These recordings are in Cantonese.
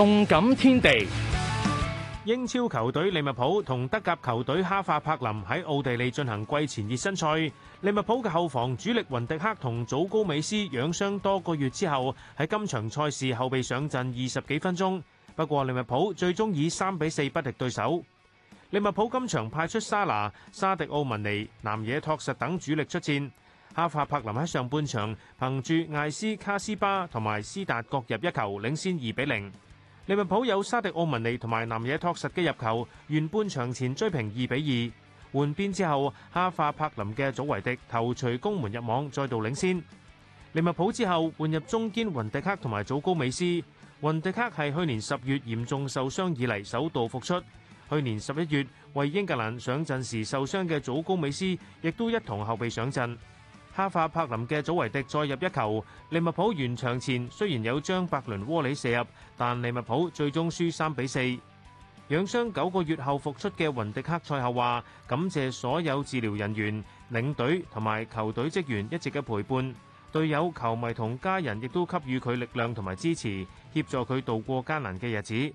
動感天地，英超球隊利物浦同德甲球隊哈化柏林喺奧地利進行季前熱身賽。利物浦嘅後防主力雲迪克同祖高美斯養傷多個月之後，喺今場賽事後備上陣二十幾分鐘。不過利物浦最終以三比四不敵對手。利物浦今場派出沙拿、沙迪奧文尼、南野拓實等主力出戰。哈化柏林喺上半場憑住艾斯、卡斯巴同埋斯達各入一球，領先二比零。利物浦有沙迪奧文尼同埋南野拓實嘅入球，原半場前追平二比二。換邊之後，哈化柏林嘅祖維迪頭槌攻門入網，再度領先。利物浦之後換入中堅，雲迪克同埋祖高美斯。雲迪克係去年十月嚴重受傷以嚟首度復出。去年十一月為英格蘭上陣時受傷嘅祖高美斯，亦都一同後備上陣。哈化柏林嘅祖維迪再入一球，利物浦完場前雖然有張伯倫窩里射入，但利物浦最終輸三比四。養傷九個月後復出嘅雲迪克賽後話：感謝所有治療人員、領隊同埋球隊職員一直嘅陪伴，隊友、球迷同家人亦都給予佢力量同埋支持，協助佢度過艱難嘅日子。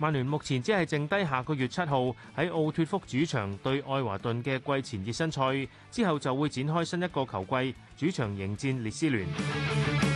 曼聯目前只係剩低下，下個月七號喺奧脱福主場對愛華頓嘅季前熱身賽，之後就會展開新一個球季，主場迎戰列斯聯。